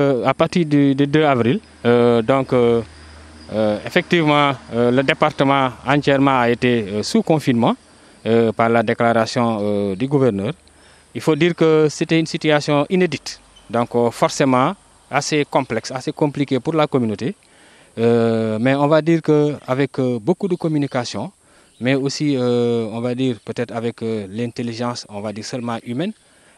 Euh, à partir du, 2 avril, euh, donc euh, effectivement, le département entièrement a été sous confinement par la déclaration du gouverneur. Il faut dire que c'était une situation inédite, donc forcément assez complexe, assez compliquée pour la communauté. mais on va dire qu'avec beaucoup de communication, mais aussi, on va dire, peut-être avec l'intelligence, on va dire seulement humaine,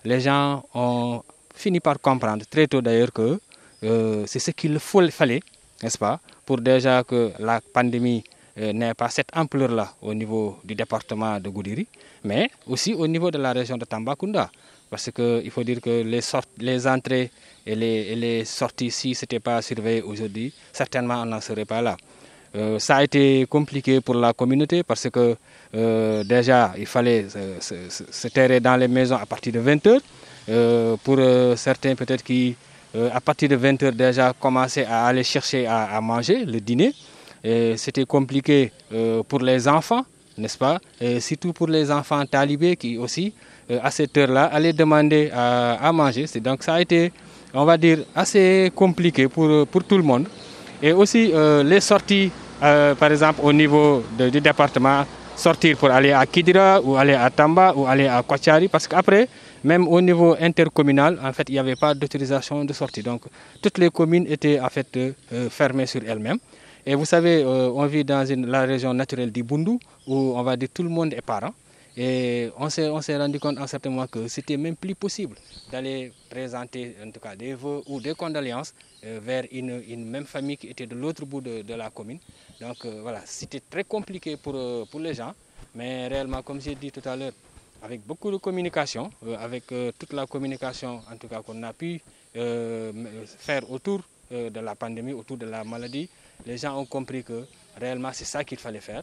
les gens ont finit par comprendre très tôt d'ailleurs que euh, c'est ce qu'il fallait, n'est-ce pas, pour déjà que la pandémie euh, n'ait pas cette ampleur-là au niveau du département de Goudiri, mais aussi au niveau de la région de Tambacounda. Parce qu'il faut dire que les, entrées et les, et les sorties, si ce n'était pas surveillé aujourd'hui, certainement on n'en serait pas là. Euh, ça a été compliqué pour la communauté parce que euh, déjà, il fallait se, se, dans les maisons à partir de 20 h euh, pour certains, peut-être qui, à partir de 20 h déjà commençaient à aller chercher à, manger le dîner. C'était compliqué pour les enfants, n'est-ce pas Et surtout pour les enfants talibés qui aussi, à cette heure-là, allaient demander à, manger. Donc ça a été, on va dire, assez compliqué pour, pour tout le monde. Et aussi, les sorties euh, par exemple, au niveau du département, sortir pour aller à Kidira ou aller à Tamba ou aller à Kwachari parce qu'après, même au niveau intercommunal, en fait, il n'y avait pas d'autorisation de sortie. Donc, toutes les communes étaient fait euh, fermées sur elles-mêmes. Et vous savez, euh, on vit dans la région naturelle Bundu, où on va dire tout le monde est parent. Et on s'est rendu compte en certains mois que c'était même plus possible d'aller présenter en tout cas des vœux ou des condoléances euh, vers une, même famille qui était de l'autre bout de, la commune. Donc euh, voilà, c'était très compliqué euh, pour, les gens, mais réellement, comme j'ai dit tout à l'heure, avec beaucoup de communication, avec toute la communication en tout cas qu'on a pu faire autour de la pandémie, autour de la maladie, les gens ont compris que réellement c'est ça qu'il fallait faire.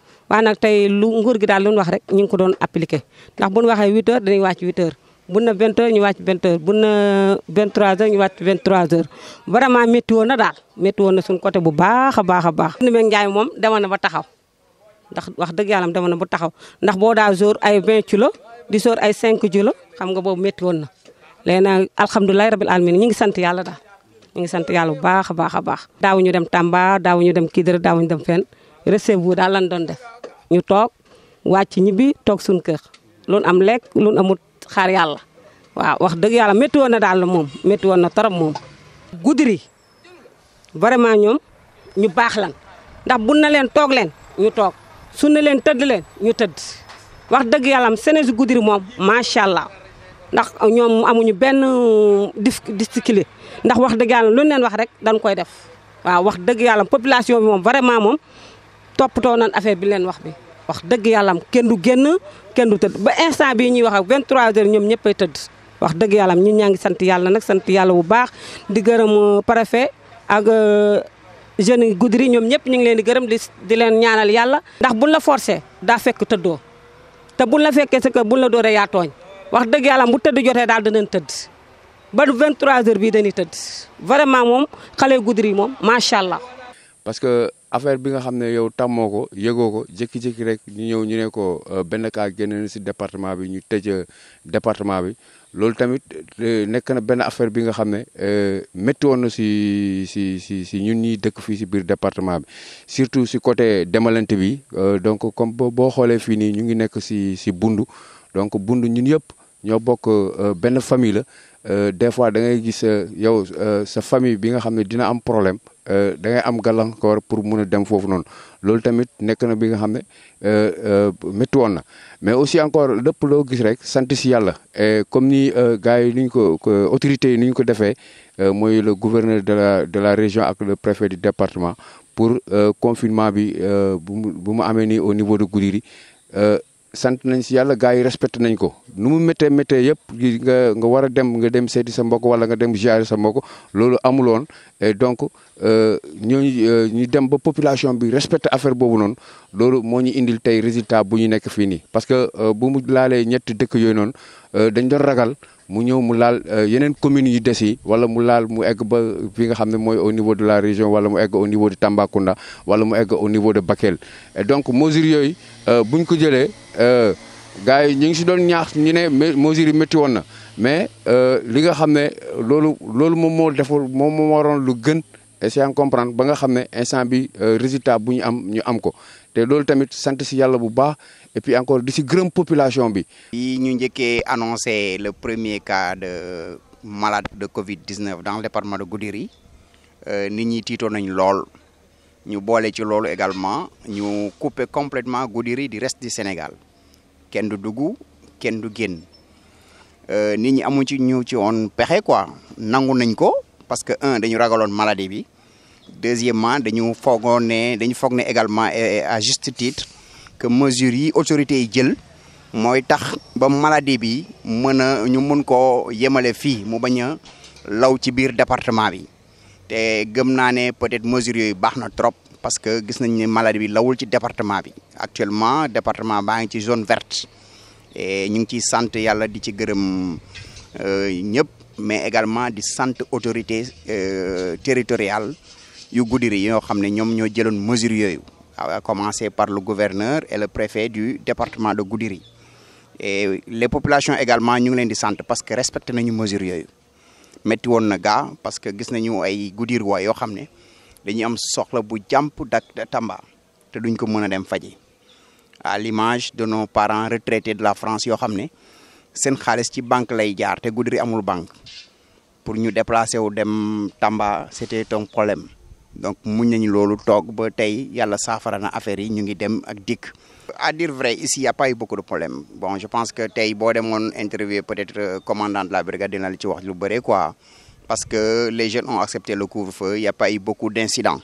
waaye nag tey lu nguur gi daal lu wax rek ñu ngi ko doon appliqué ndax bu ñu waxee 8 heures dañuy wàcc 8 bu na 20 heures ñu wàcc 20 heures bu na 23 heures ñu wàcc 23 heures vraiment woon na daal métti woon na suñu côté bu baax a baax a baax. nu meeg njaay moom demoon ba taxaw ndax wax dëgg yàlla demoon na ba taxaw ndax boo daa jour ay 20 kilos di jour ay cinq kilos xam nga boobu métti woon na léegi nag alhamdulilah rabil alamin ñu ngi sant yàlla daal. ñu ngi sant yàlla bu baax a baax a baax. daawuñu dem Tamba daawuñu dem Kidira daawuñu dem fenn recevez daal lan doon def. ñu toog wàcc ñibbi toog suñu kër loolu am lekk loolu amut xaar yàlla waaw wax dëgg yàlla métti woon na daal moom métti woon na torop moom. Goudiri vraiment ñoom ñu baax lan ndax bun na leen toog leen ñu toog su na leen tëdd leen ñu tëdd wax dëgg yàlla am Sénégal Goudiri moom macha allah ndax ñoom amuñu benn discipline ndax wax dëgg yàlla lu leen wax rek dañ koy def waaw wax dëgg yàlla population bi moom vraiment moom. toppatoo nañ affaire bi leen wax bi wax dëgg yàllam kenn du génn kenn du tëdd ba instant bii ñuy wax ak 23h ñoom ñëppay tëdd wax dëgg yàlla am ñun ñaa ngi sant yàlla nag sant yàlla bu baax di gërëm euh, préfet ak euh, jeunes yi Goudiri ñoom ñëpp ñu ngi leen di gërëm di di leen ñaanal yàlla. ndax buñ la forcé daa fekk tëddoo te buñ la fekkee sa kër buñ la doore yaa tooñ wax dëgg yàlla am bu tëdd jotee daal danañ tëdd ba 23h bii dañuy tëdd vraiment moom xale Goudiri moom macha allah. affaire bi nga xam ne yow tàmmoo ko yëgoo ko jékki-jékki rek ñu ñëw ñu ne ko euh, benn cas génne na si département bi ñu tëj euh, département bi loolu tamit euh, nekk na benn affaire bi nga xam ne métti woon na si si si si ñun ñi dëkk fii si biir département bi surtout si côté demalante bi donc comme boo xoolee fii nii ñu ngi nekk si si Bundu donc Bundu ñun yëpp. ño bokk euh, benn famille la euh, des fois da ngay gis euh, yow sa famille bi nga xam dina am problème da ngay am galankoor pour mun a dem foofu noonu loolu tamit nekk na bi nga xam ne métti woon na mais aussi encore lépp loo gis rek sant si yàlla et comme ni gars yi ni ñu ko autorité yi ni ñu ko defee mooy le gouverneur de la de la région ak le préfet du département pour confinement bi bu mu amee nii au niveau de Goudiri. sant nañ si yàlla gars yi respecté nañ ko nu mu méttee méttee yëpp nga nga war a dem nga dem seeti sa mbok wala nga dem ziare sa mbokk loolu amuloon et donc euh, ñooñu euh, ñu dem ba population bi respecté affaire boobu noonu loolu moo ñu indil tey résultat bu ñu nekk fii nii parce que euh, bu mu laalee ñetti dëkk yooyu noonu dañ doon ragal mu ñëw mu laal euh, yeneen communes yu des yi wala mu laal mu egg ba fi nga xam ne mooy au niveau de la région wala mu egg au niveau de Tambacounda wala mu egg au niveau de Bakel et donc mesures yooyu euh, buñ ko jëlee euh, gars yi ñu ngi si doon ñaax ñu ne mesures yi métti woon na mais li nga xam ne loolu loolu moom moo deful moom moo waroon lu gën essayant comprendre ba nga xam ne instant bi résultat bu ñu am ñu am ko te loolu tamit sant si yàlla bu baax et puis encore di si gërëm population bi. yi ñu njëkkee annoncé le premier cas de malade de Covid 19 dans le département de Goudiri euh, nit ñi tiitoon nañ lool ñu boole ci loolu également ñu couper complètement Goudiri du reste du Sénégal kenn du dugg kenn du génn euh, nit ñi amu ci ñu ci woon pexe quoi nangu nañ ko parce que un dañu ragaloon maladie bi deuxièmement nous foogoon également à juste titre que mesures yi autorités yi jël moy tax ba maladie bi mën ñu mën ko yemale fi mu baña law ci département bi té gëm peut-être mesuré yooyu baax trop parce que gis nañ né maladie bi lawul ci département bi actuellement département est ngi ci zone verte et ñu ngi santé sant yàlla di ci euh, mais également di santé autorité euh, territoriale yu Goudiri yi yoo xam ñoo mesures yooyu commencer par le gouverneur et le préfet du département de Goudiri et les populations également ñu ngi leen parce que respectent nañu mesures Mais métti woon na parce que gis nañu ay nous waa yoo xam ne dañuy am soxla bu jamp dak Tamba te duñ ko mëna a dem faji à l'image de nos parents retraités de la France yo xam ne seen xaalis ci banque lay jaar te Goudiri amul banque pour ñu déplacer wu dem Tamba c'était un problème donc muñ ñu loolu toog ba tey yàlla saafara na affaire yi ñu ngi dem ak dikk. à dire vrai ici y' a pas eu beaucoup de problèmes bon je pense que tey boo demoon interview peut-être euh, commandant de la brigade dina la ci wax lu bëre quoi parce que les jeunes ont accepté le couvre-feu il y' a pas eu beaucoup d'incidents.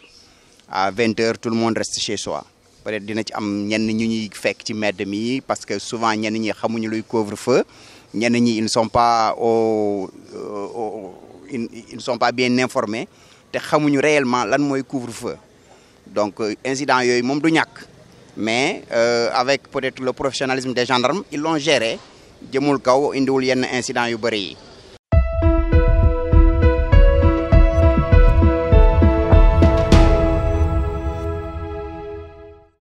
à 20 h tout le monde reste chez soi peut-être dina ci am ñenn ñu ñuy fekk ci mbedd mi parce que souvent ñenn ñi xamuñu luy couvre-feu ñenn ñi ils sont pas au euh, ils ne sont pas bien informés te xamuñu réellement lan moy couvre-feu donc euh, incident est mom du mais euh, avec peut-être le professionnalisme des gendarmes ils l'ont géré jëmul kaw indiwul yenn incident yu